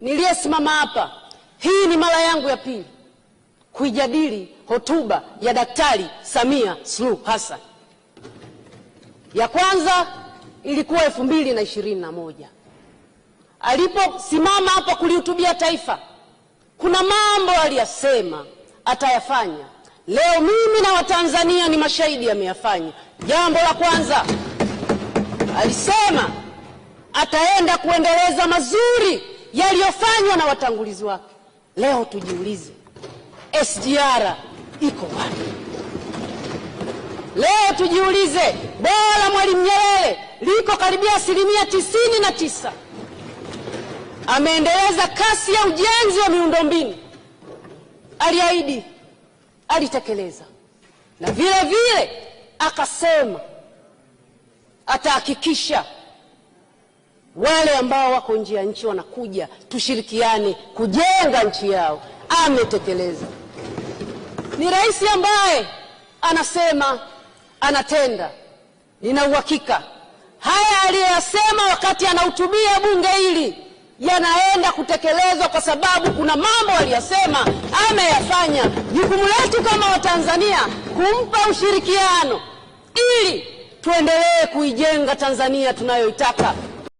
Niliyesimama hapa, hii ni mara yangu ya pili kuijadili hotuba ya Daktari Samia Suluhu Hassan. Ya kwanza ilikuwa elfu mbili na ishirini na moja aliposimama hapa kulihutubia taifa. Kuna mambo aliyasema atayafanya, leo mimi na Watanzania ni mashahidi, ameyafanya. Jambo la kwanza alisema ataenda kuendeleza mazuri yaliyofanywa na watangulizi wake. Leo tujiulize SGR iko wapi? Leo tujiulize bwawa la Mwalimu Nyerere liko karibia asilimia tisini na tisa. Ameendeleza kasi ya ujenzi wa miundombinu, aliahidi, alitekeleza, na vile vile akasema atahakikisha wale ambao wako nje ya nchi wanakuja, tushirikiane kujenga nchi yao. Ametekeleza. Ni rais ambaye anasema, anatenda. Nina uhakika haya aliyoyasema wakati anahutubia bunge hili yanaenda kutekelezwa, kwa sababu kuna mambo aliyosema ameyafanya. Jukumu letu kama Watanzania kumpa ushirikiano ili tuendelee kuijenga Tanzania tunayoitaka.